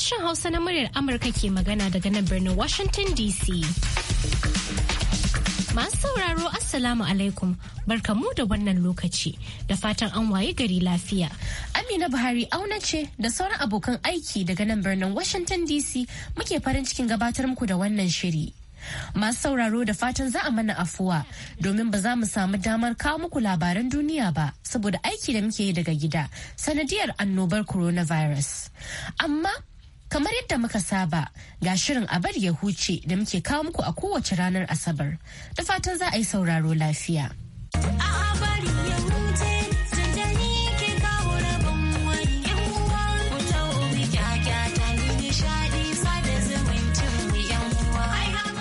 sashen Hausa na muryar Amurka ke magana daga nan birnin Washington DC. Masu sauraro Assalamu alaikum barkamu da wannan lokaci da fatan an waye gari lafiya. Amina Buhari auna ce da sauran abokan aiki daga nan birnin Washington DC muke farin cikin gabatar muku da wannan shiri. Masu sauraro da fatan za a mana afuwa domin ba za mu samu damar kawo muku labaran duniya ba saboda aiki da muke yi daga gida sanadiyar annobar coronavirus. Amma Kamar yadda muka saba ga shirin a bar ya huce da muke kawo muku a kowace ranar Asabar. Da fatan za a yi sauraro lafiya. A bari ya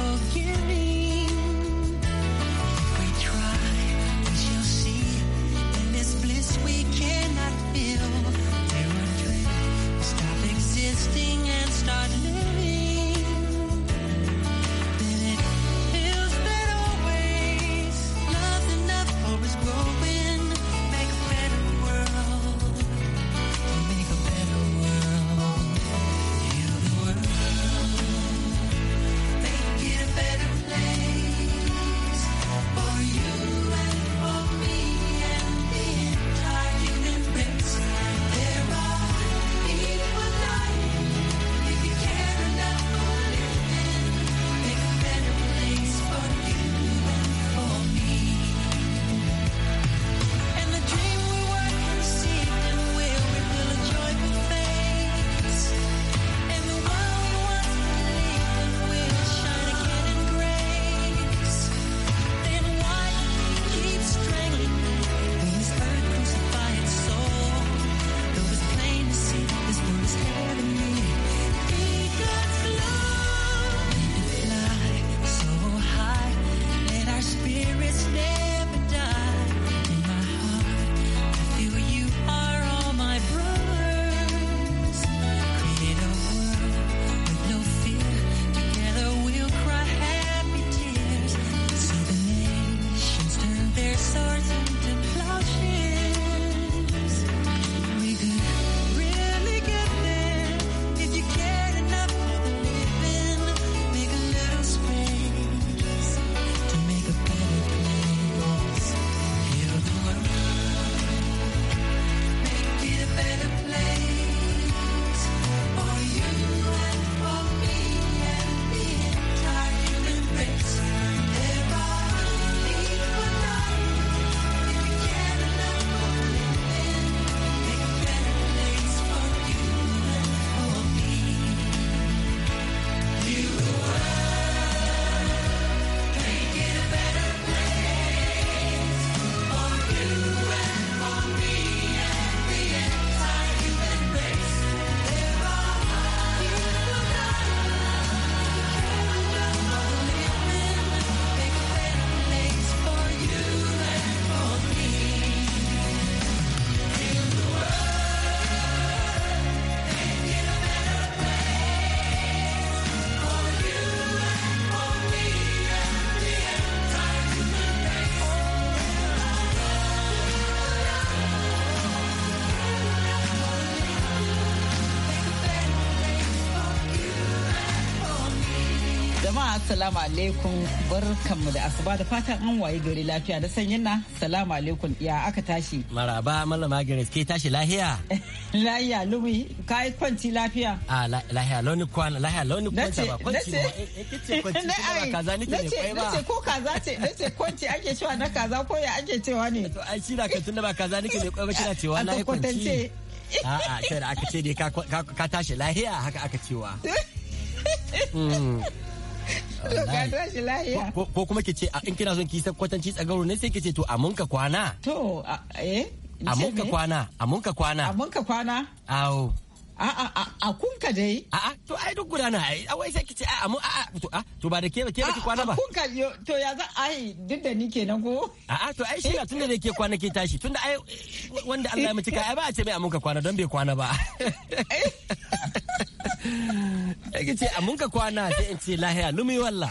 again. Assalamu alaikum barkanmu da asuba da fatan an waye gari lafiya da sanyin na salamu alaikum ya aka tashi. Maraba malama Grace ke tashi lahiya. lahiya lumi ka yi kwanci lafiya. Ah lahiya launi kwan lahiya launi kwan ta ba kwanci ba. Nace nace eh, kaza nake ne kwai ba. Nace ko kaza ce nace kwanci ake cewa na kaza ko ya ake cewa ne. To ai shi da ka tunda ba kaza nake ne kwai ba kina cewa na kwanci. A'a sai da aka ce dai ka tashi lahiya haka aka cewa. Hmm. Ko kuma ki ce in kina son ki san kwatanci tsagaro ne sai ki ce to a munka kwana. To eh. A munka kwana, a munka kwana. A munka kwana. Awo. a kunka dai a a to ai duk gudana ai a wai sai kice a mu a to a to ba da ke ke ki kwana ba kunka to ya za ai duk da ni kenan ko a a to ai shi na tunda da ke kwana ke tashi tunda ai wanda Allah ya mutuka ai ba a ce mai munka kwana don bai kwana ba eh. Eke ce amun ka kwana sai in ce lahiya lumi walla.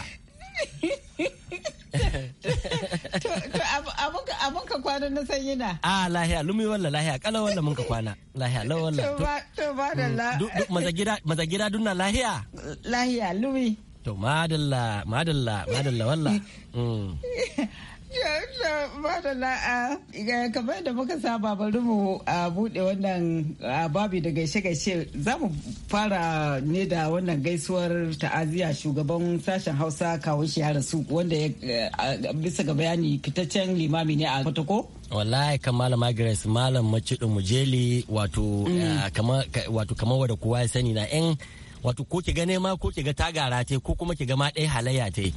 A ka kwana na sanyi na. A lahiya lumi walla lahiya kala walla mun ka kwana lahiya la walla. To ba da la. Mm, maza gida duna lahiya. Lahiya lumi. To madalla madalla madalla walla. Mm. Madalla ah, a kamar da muka saba bari mu a ah, bude wannan ah, babi da gaishe-gaishe za mu fara ne da wannan gaisuwar ta'aziyya shugaban sashen hausa kawun shi rasu wanda ya bisa ga bayani fitaccen limami ne a ko? wallahi kan malama grace malam macidin mujeli mm. wato kamar wadda kowa ya sani na yan wato ko ki ga nema ko ki ga tagara te ko kuma ki ga ma ɗaya halayya te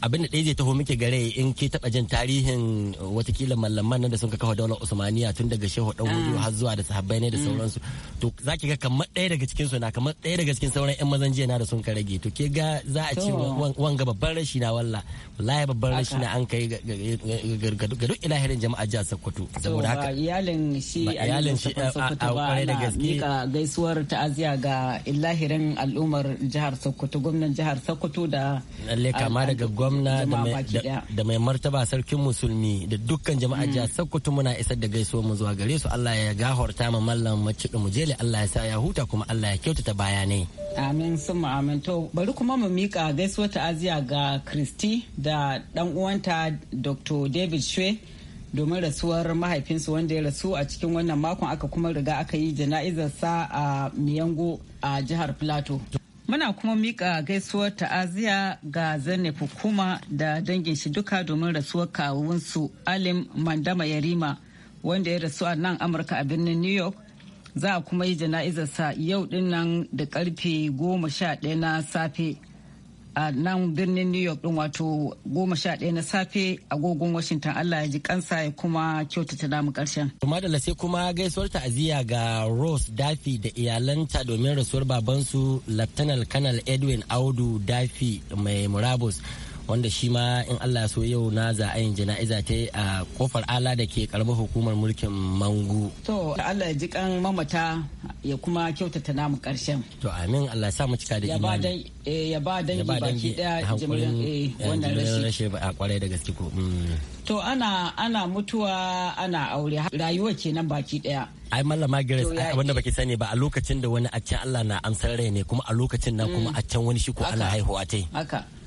abin da ɗaya zai taho muke gare in ke taɓa jin tarihin uh, watakila malaman nan da sun kafa daular usmaniya tun daga shehu ɗan hudu ah. har zuwa da sahabbai ne da mm. sauransu to za ki ga kamar ɗaya daga cikin su na kamar ɗaya daga cikin sauran yan mazan jiya na da sun ka rage to ke ga za a ce wanga babban rashi na walla wallahi babban rashi na an kai ga duk ilahirin jama'a jihar sokoto saboda haka iyalin shi iyalin shi a uh, uh, kwarai da gaske ga gaisuwar ta'aziya ga ilahirin al'ummar jihar sokoto gwamnan jihar sokoto da lalle kama daga da gwamna da mai martaba sarkin musulmi da dukkan jama'a mm. jiya Sokoto muna isar da gaisuwa mu zuwa gare su Allah ya gahorta ma mallam macidu jele Allah ya sa ya huta kuma Allah ya kyautata bayanai amin sun amin bari kuma mu mika gaisuwar ta'aziya ga Kristi da dan uwanta Dr. David Shwe domin rasuwar mahaifinsu wanda ya rasu a cikin wannan makon aka kuma riga aka yi jana'izarsa a miyango a jihar plateau Muna kuma mika gaisuwar ta'aziya ga Zainab Hukuma da dangin shi duka domin rasuwar kawunsu Alim Mandama Yarima wanda ya rasu a nan Amurka a birnin New York. Za a kuma yi jana'izarsa yau dinnan da karfe goma sha ɗaya na safe. a nan birnin new york din wato goma sha ɗaya na safe agogon washington allah ya ji kansa ya kuma kyautata namu karshen. madalla sai kuma gaisuwar ta'aziyya ga rose dafi da iyalanta domin rasuwar babansu laftanar kanal edwin audu dafi mai murabus wanda shi ma in Allah so yau na za a yin jana'iza ta a kofar ala da ke karamar hukumar mulkin mangu. To Allah ya ji kan mamata ya kuma kyautata namu karshen. To amin Allah ya sa mu cika da imani. Eh, ya ba dangi baki daya jimirin eh, eh, wannan rashin. a kwarai da gaske ko. Mm. To ana ana mutuwa ana aure rayuwa kenan baki daya. Ai mallama gares wanda baki sani ba a lokacin da wani a can Allah na amsar rai ne kuma a lokacin nan kuma mm. a can wani shi ko ana haihuwa tai. Haka.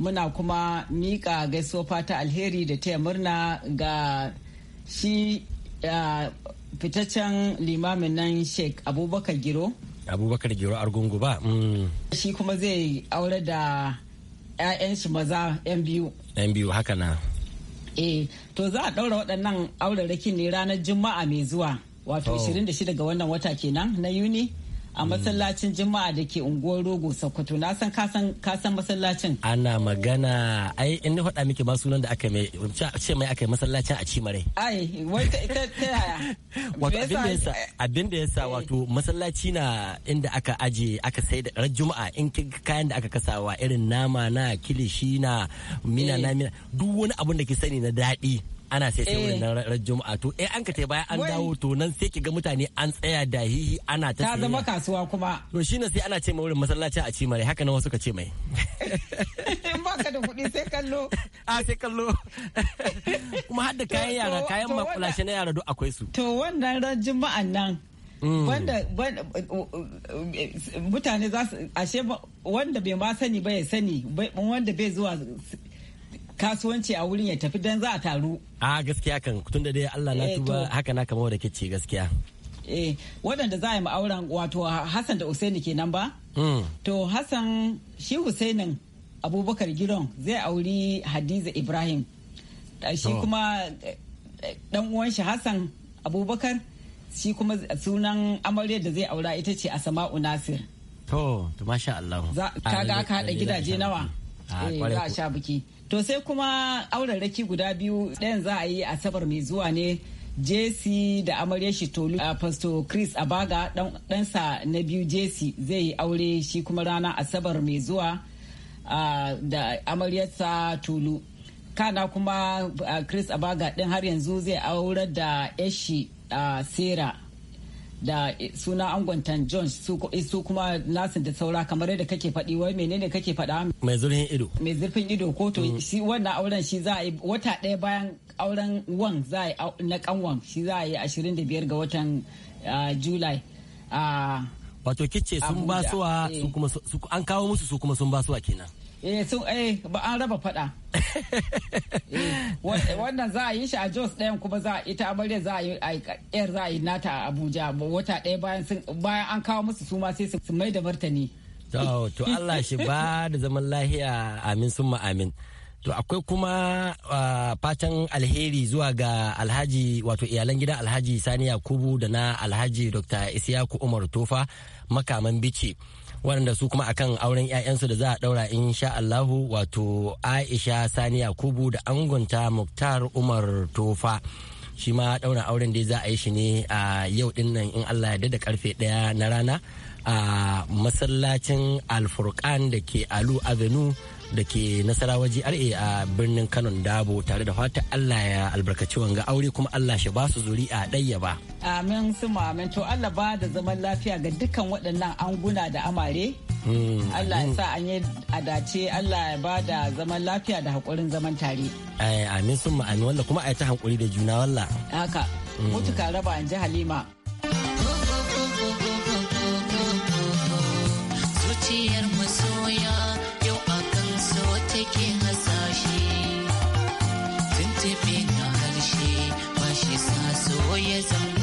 muna kuma mika gaisofa fata alheri da taya murna ga shi fitaccen limamin nan sheik abubakar giro abubakar giro argungu ba mm. shi kuma zai aure da 'ya'yan shi maza 'yan biyu 'yan biyu haka na eh to za a ɗaura waɗannan rikin ne ranar juma'a mai zuwa wato 26 ga wannan wata kenan na yuni a masallacin juma'a da ke unguwar rogo sokoto na san kasan masallacin ana magana ai in na faɗa miki ba sunan da aka mai ce mai aka yi masallacin a cimare ai wata ita ta yaya abin da ya sa eh. wato masallaci na inda aka aje aka sai da ran juma'a in kayan da aka kasawa irin nama na kilishi na mina eh. na mina duk wani abin da ke sani na daɗi ana sai sai eh. wurin nan ran juma'a to eh an ka tai baya an dawo to nan sai ki ga mutane an tsaya da hihi ana ta ta zama kasuwa kuma to shine sai ana ce mai wurin masallaci a cimare haka nan wasu ka ce mai in baka da kuɗi sai kallo a sai kallo kuma har da kayan yara kayan makulashe na yara duk akwai su to wannan ran juma'an nan mm. wanda mutane za su ashe wanda bai ma sani ba ya sani wanda bai zuwa kasuwanci a wurin ya tafi dan za a taru a gaskiya kan tun da dai Allah na eh, tuba haka na kama da ce gaskiya eh waɗanda za a yi ma'auren wato Hassan da Usaini kenan ba hmm. to Hassan shi Usainin Abubakar Giron zai auri Hadiza Ibrahim shi kuma eh, ɗan uwan shi Hassan Abubakar shi kuma sunan amarya da zai aura ita ce a Nasir. To, to masha Allah. Ka ga ka haɗa gidaje nawa. Za a eh, sha biki. To sai kuma auren raki guda biyu ɗayan za a yi asabar mai zuwa ne JC da amarya shi tolu a pastor Chris Abaga ɗansa na biyu JC zai yi aure shi kuma rana asabar mai zuwa da amaryarsa tolu. Kana kuma Chris Abaga ɗin har yanzu zai aurar da yashi Sarah. da suna angwantan jones su kuma nasin da saura kamar yadda kake faɗi wai menene kake faɗa mai zurfin ido mai zurfin ido ko to mm. shi wannan auren shi za a yi wata ɗaya bayan auren wan za a yi na kanwan shi za a yi 25 ga watan july wato kice sun basuwa su eh. kuma an kawo musu su kuma sun basuwa kenan eh sun eh ba an raba fada eh, wannan za a yi shi a jos ɗayan kuma za a ita amarya za a yi yar za a yi nata a abuja wata ɗaya bayan bayan an kawo musu suma sai su mai da martani to allah shi ba da zaman lahiya amin sun amin to akwai kuma fatan alheri zuwa ga alhaji wato iyalan gidan alhaji sani yakubu da na alhaji dr isiyaku umar tofa makaman bice waɗanda su kuma akan auren 'ya'yansu da za a ɗaura sha Allahu wato Aisha Sani Yakubu da angonta Muktar Umar Tofa. shi ma ɗaura auren dai za a yi shi ne a yau ɗin nan in Allah ya da karfe ɗaya na rana a masallacin alfurkan da ke Alu Avenue da ke waje GRA a birnin Kano Dabo tare da fata Allah ya albarkaci wanga aure kuma Allah shi ba su zuri a ɗaya ba. Amin su amin to Allah ba da zaman lafiya ga dukkan waɗannan anguna da amare. Hmm, Allah ya sa an yi adace Allah ya ba da zaman lafiya da haƙurin zaman tare. Eh, amin sun amin walla kuma a yi ta hankuri da juna wallah Haka. Hmm. Mutuka raba in ji Halima. ya zama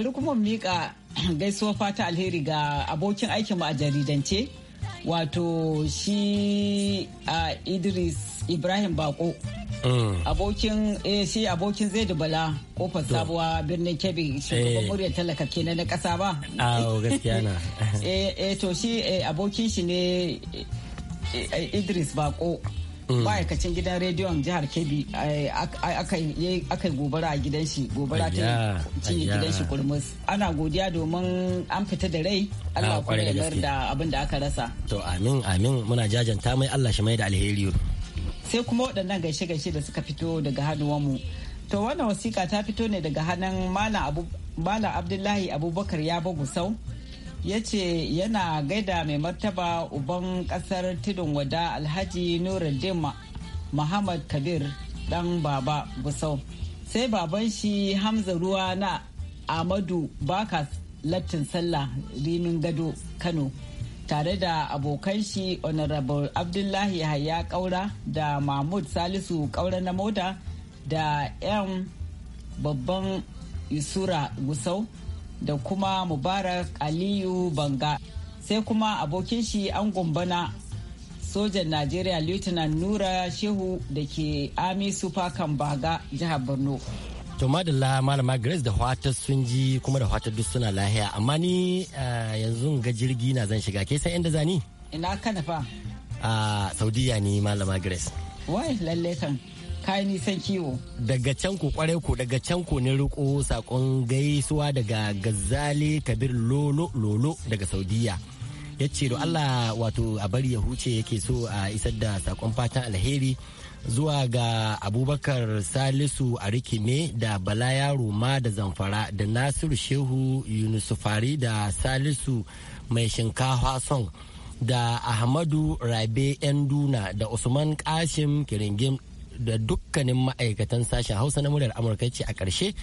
bari kuma mika gaisuwar fata alheri ga abokin aikinmu a jaridance wato shi a idris ibrahim bako mm. abokin eh, shi abokin zaidu bala kofar sabuwa birnin kebbi shugaban eh. muryar talaka kenan na kasa ba awo gaskiya na eh, eh to shi abokin shi ne idris bako Mm. ma'aikacin gidan rediyon jihar kebbi eh, aka yi gobara a gidan shi gobara ta cinye gidan shi kurmus ana godiya domin an fita da rai allah ah, da ya da abin da aka rasa to amin amin muna jajanta mai allah shi mai da alheri sai kuma waɗannan gaishe-gaishe da suka fito daga mu to wannan wasiƙa ta fito ne daga hannun malam abdullahi abubakar ya bagusau ya ce yana gaida mai martaba uban kasar tudun wada alhaji nuruddin muhammad kabir dan baba gusau sai baban shi hamza ruwa na amadu bakas lattin sallah rimin gado kano tare da abokan shi honorable abdullahi haya kaura da mahmud salisu kaura na moda da yan babban isura gusau da kuma mubarak aliyu banga sai kuma abokin shi an gumbana sojan najeriya lieutenant nura shehu da ke army super baga jihar borno to madalla malama grace da fatar sun ji kuma da fatar duk suna lahiya amma ni eh, yanzu ga jirgi na zan shiga ke san inda zani ina kanafa a ah, saudiya ne malama grace wai lalle kan kayan nisan kiwo. Daga can ku kwarai ku daga can ku ne riko sakon gaisuwa daga Gazali Kabir Lolo Lolo daga Saudiya. Ya ce da Allah wato a bari ya huce yake so a isar da sakon fatan alheri zuwa ga Abubakar Salisu a rikime da Bala Yaro ma da Zamfara da Nasiru Shehu Yunusufari da Salisu mai shinkafa song da Ahmadu Rabe Enduna da Usman Kashim Kiringim da dukkanin ma'aikatan sashen hausa na muryar amurka ce a ƙarshe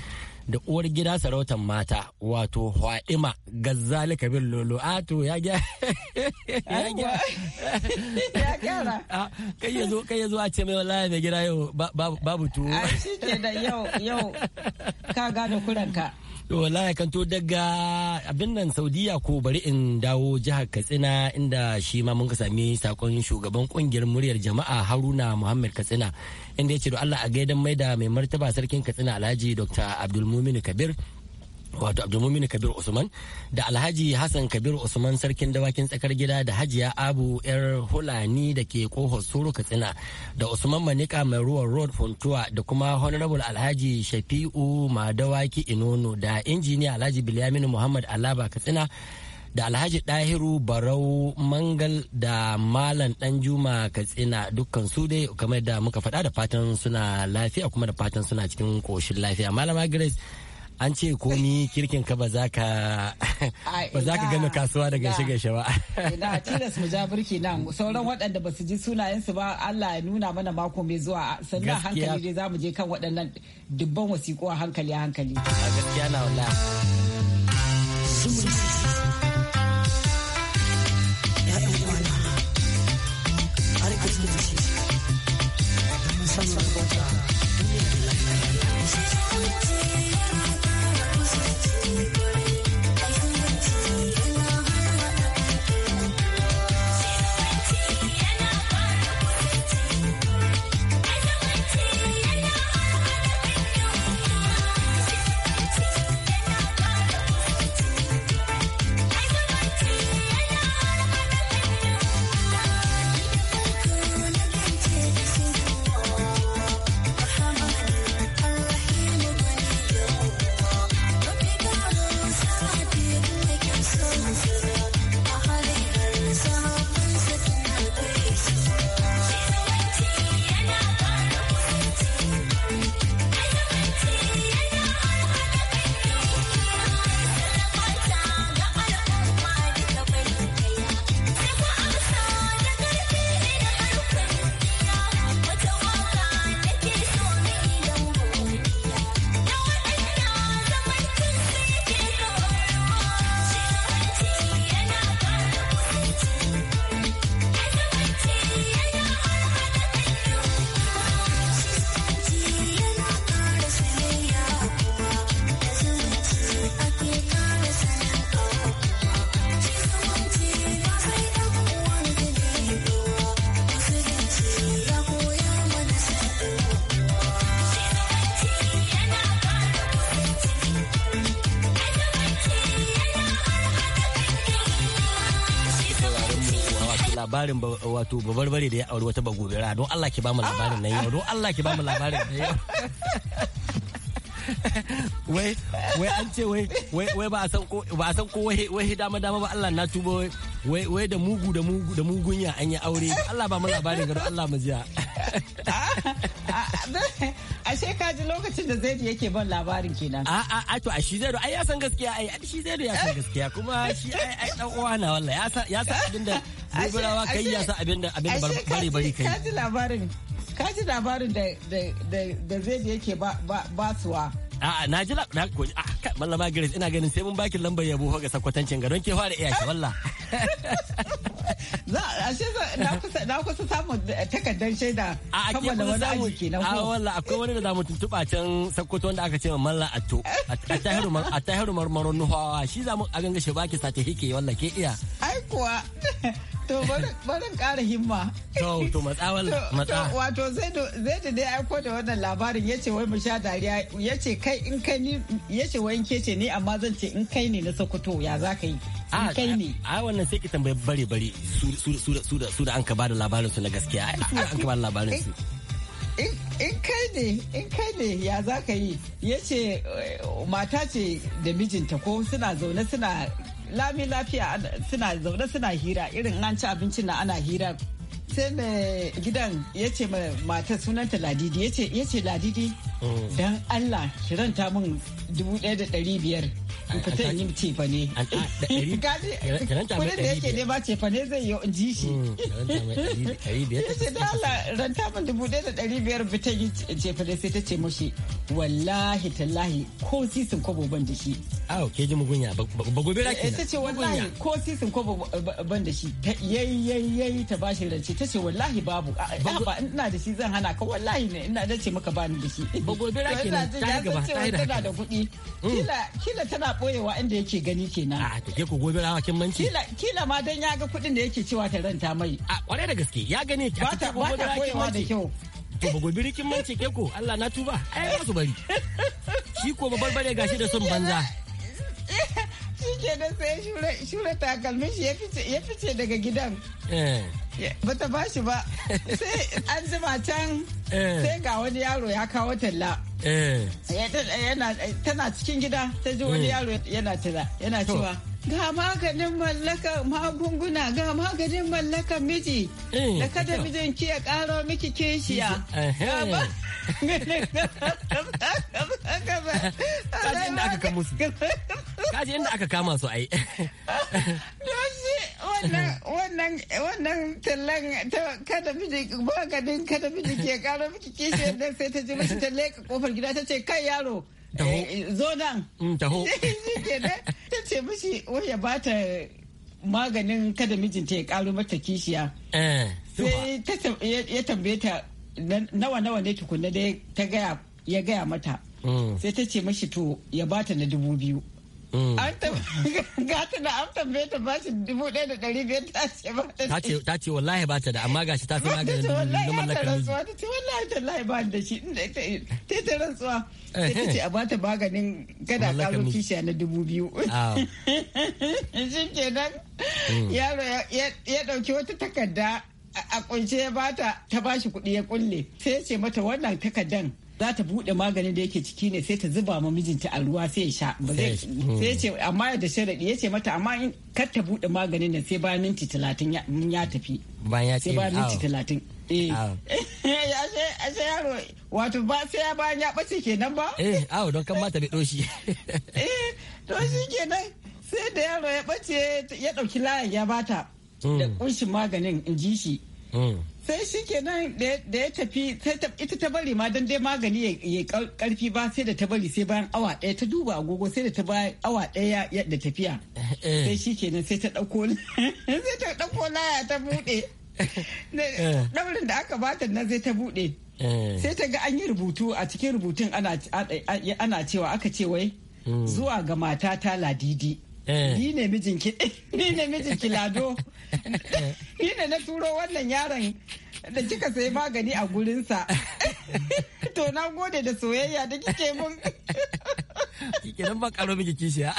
da uwar gida sarautar mata wato hwa'ima gazzali kabir lolo'ato ya gyara ya zo kai ya zo a ce mai wallahi mai gida yau babu tuwo shi ke da yau yau ka gada kuranka wallahi kan to daga abin nan saudiya ko bari in dawo jihar katsina inda shi ma mun ka sami sakon shugaban kungiyar muryar jama'a haruna muhammad katsina inda ya ce da allah a gaidan mai da mai martaba sarkin katsina alhaji dr abdulmumin kabir wato abdulmumin kabir usman da alhaji hassan kabir usman sarkin dawakin tsakar gida da hajiya abu yar hulani da ke kohon suru katsina da usman manika mai ruwan road funtuwa da kuma honorable alhaji shafi'u madawaki inono da injiniya alhaji bilyamin muhammad alaba katsina da alhaji dahiru barau mangal da malam danjuma katsina dukkan su dai kamar da muka faɗa da fatan suna lafiya kuma da fatan suna cikin koshin lafiya malama grace an ce komi kirkin ka ba za ka ba gano kasuwa daga shiga shi ba ina tilas mu ja burki nan sauran waɗanda ba su ji sunayensu ba Allah ya nuna mana mako mai zuwa sannan hankali dai za mu je kan waɗannan dubban wasiƙu a hankali a hankali a gaskiya na wallahi labarin wato babarbare da ya auri wata bagobera don Allah ki bamu labarin nan yau don Allah ki bamu labarin nan yau wai wai an ce wai wai ba a san ko ba a san ko wai wai dama dama ba Allah na tubo wai wai da mugu da mugu da mugunya an yi aure Allah ba mu labarin ga Allah mu jiya ashe ka ji lokacin da zai yake ban labarin kenan a a a to a shi zai ai ya san gaskiya ai shi zai ya san gaskiya kuma shi ai ai dan uwa na wallahi ya san ya san abinda gobarawa kai ya san abinda abinda bari bari kai ka ji labarin ka ji labarin da da da zai yake ba ba suwa A'a na ji na ko a mallama Grace ina ganin sai mun baki lambar yabo ga sakwatancin ga don ke fara iya shi na kusa samun takardar shaida saboda wani aji kenan A Wala akwai wani da zamu tuntuɓa can Sokoto wanda aka ce ma Malla Atto a tahiru marmaron Nuhawa shi zamu a ganga shi baki sata hike walla ke iya. Ai kuwa. To bari ƙara himma. To to matsawal matsa. Wato zai da dai aiko da wannan labarin ya ce wai mu sha dariya ya ce kai in kai ni ya ce wai in ke ce ni amma zan ce in kai ne na Sokoto ya za ka yi. In ah, kai ne. A wannan sai ki tambayi bare bare su da an ka bada labarin su na gaskiya. an ka bada labarin su. in kai ne in kai ne ya za ka yi ya ce eh, mata ce da mijinta ko suna zaune suna lami lafiya suna zaune suna hira irin an ci abincin na ana hira sai mai gidan ya ce mata sunanta ladidi ya ce ladidi Mm. don Allah kiranta min dubu ɗaya da ɗari biyar in fita yi cefa ne. Kudin da yake ne ba cefa ne zai yi in ji shi. Yace da Allah ranta min dubu ɗaya da ɗari biyar fita yi cefa ne sai ta ce mashi wallahi tallahi ko sun kobo ban da shi. Awo ke ji mugunya ba gobe da ke eh, Ta ce wallahi ko sun kobo ban da shi yayi yayi yayi ta bashi rance ta ce wallahi babu ba ina da shi zan hana ka wallahi ne ina da ce maka bani da shi. Ogobera kenan ta gaba ta yi tana da kuɗi. Hmm. Kila kila tana boyewa inda yake gani kenan. A ah, to ke ku gobera kin manci. Kila ma dan ya ga kuɗin da yake cewa ta ranta mai. A ah, kwarai da gaske ya gane ki. Ba ta boyewa da kyau. To ba gobe rikin mance ke ko Allah na tuba ai ba su bari. Shi ko babarbare gashi da son banza. shi da sai shura takalmin shi ya fice daga gidan bata ba shi ba sai an jima can sai ga wani yaro ya kawo talla tana cikin gida ta ji wani yaro yana cewa ga maganin mallaka magunguna ga maganin mallaka miji da kada mijin ki ya karo miki keshiya da aka kaji inda aka kama su ai wannan wannan tallan kada miji ba gadin kada miji ke karo miki kishi dan sai ta ji miki ta leka kofar gida ta ce kai yaro eh, eh, zo nan mm, taho ta ce mishi wai ba ta maganin kada mijinta ya karo mata kishiya eh, sai ya tambaye ta nawa nawa ne tukunna dai ta ya gaya mata mm. sai ta ce mashi to ya bata na dubu biyu Mm. gata da an tambaye ta ba shi dubu ɗaya da ɗari biyar ta ce ba ta ce. Ta ce wallahi ba ta da amma gashi ta fi maganin na mallakar miji. Ta ce wallahi ta wallahi ba da shi ta ta ta rantsuwa. Ta ce eh, eh. a bata maganin gada kalo kishiya na dubu biyu. Ah. Shi kenan mm. yaro ya ɗauki wata takarda a kunce ya bata ta bashi kuɗi ya kulle sai ya ce mata wannan takardan za ta buɗe maganin da yake ciki ne sai ta zuba ma mijinta a ruwa sai ya sha ba zai sai hmm. ce amma da sharadi ya ce mata amma in kar ta buɗe maganin nan sai bayan minti talatin ya tafi sai bayan minti talatin eh. A ashe yaro wato ba sai ya bayan ya ɓace kenan ba eh awo don kan mata bai doshi eh kenan sai da yaro ya ɓace ya ɗauki layan ya bata hmm. da kunshin maganin in ji shi hmm. sai shi kenan da ya tafi sai ita ta bari ma don dai magani ya karfi ba sai da ta bari sai bayan awa daya ta duba agogo sai da ta bayan awa daya da tafiya eh, eh. sai shi kenan sai ta dauko sai ta dauko laya ta bude daurin eh. da aka bata nan zai ta bude sai ta ga an yi rubutu a cikin rubutun ana cewa aka ce wai hmm. zuwa ga mata ta ladidi Eh. ni ne mijinki ni ne mijinki lado ni ne na turo wannan yaron da kika sayi magani a gurinsa to na gode da soyayya da kike mun kike nan ba karo miki kishiya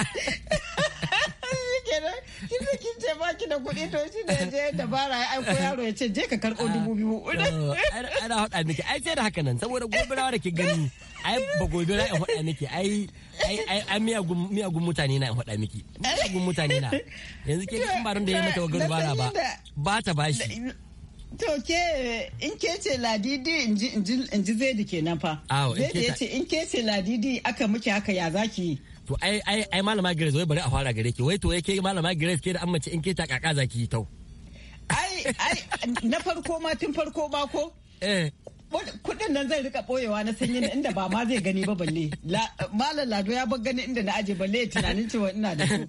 ce baki da kuɗi to shi ne je bara ya aiko yaro ya ce je ka karɓo ah, dubu biyu. Ana ah, haɗa miki ai sai da haka nan saboda gobirawa da ke gani ai ba gobe na in haɗa miki ai ai ai miyagun mutane na in haɗa miki miyagun mutane na yanzu ke kan barin da ya mata wa garbara ba ba ta bashi. To ke in ke ce ladidi in ji zai da nan fa. Zai da ya ce in ke ce ladidi aka muke haka ya zaki yi. to ai ai ai malama Grace wai bari a fara gare ki wai to yake malama Grace ke da amince in ke ta kaka zaki tau ai ai na farko ma tun farko ba ko eh kudin nan zai rika boyewa na sanyin inda ba ma zai gani ba balle malam lado ya bar gani inda na aje balle tunanin cewa ina da su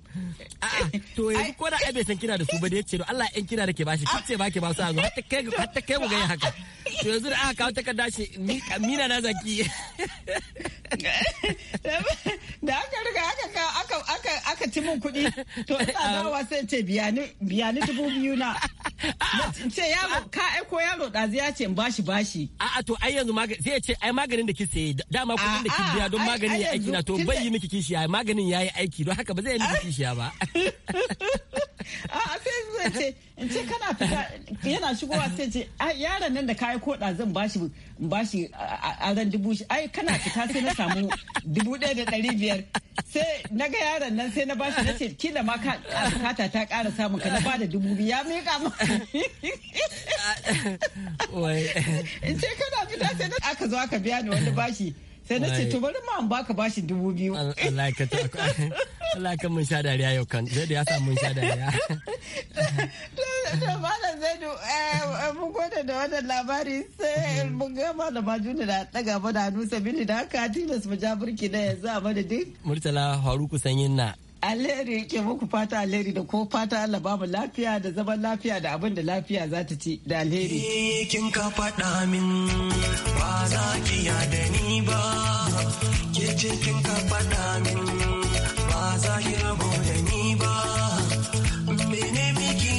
to yanzu ko da ai bai san kina da su ba da yace to Allah in kina da ke bashi kace ba ke ba su azu hatta kai hatta kai mu ga haka to yanzu da aka kawo takarda shi mina na zaki da aka riga aka ci min kuɗi to ina um. dawowa sai ce biya ni dubu biyu na ce yaro ka ko yaro ɗazu ya ce in bashi bashi a'a to ai yanzu zai ce ai maganin da kike dama kuɗin da kike biya don maganin ya aiki na to bai yi miki kishiya maganin ya yi aiki don haka ba zai yi miki kishiya ba a sai zai ce in ce kana fita yana shigowa sai ce yaron nan da kayi koda zan bashi bashi aran dubu shi ai kana fita sai na samu dubu ɗaya da ɗari biyar sai na ga yaron nan sai na bashi na ce kila ma ka kata ta ƙara samun ka na bada dubu biyu ya miƙa ma. In ce kana fita sai na aka zo aka biya ni wani bashi sai na ce to bari ma an baka bashi dubu biyu. Allah kan mun sha dariya yau kan zai da ya samu sha dariya. To malam Zaidu eh, mun gode da wannan labari sai mun ga malama Juna da daga mana hannu sabili da haka tilas mu ja burki da yanzu a madadin. Murtala haru kusan Sanyin na alheri ke muku fata alheri da ko fata Allah mu lafiya da zaman lafiya da abin da lafiya za ta ci da alheri. Eh, kin ka faɗa min ba za ki ya da ni ba, ke ce kin ka faɗa min. ba za ki rabo da ni ba mene miki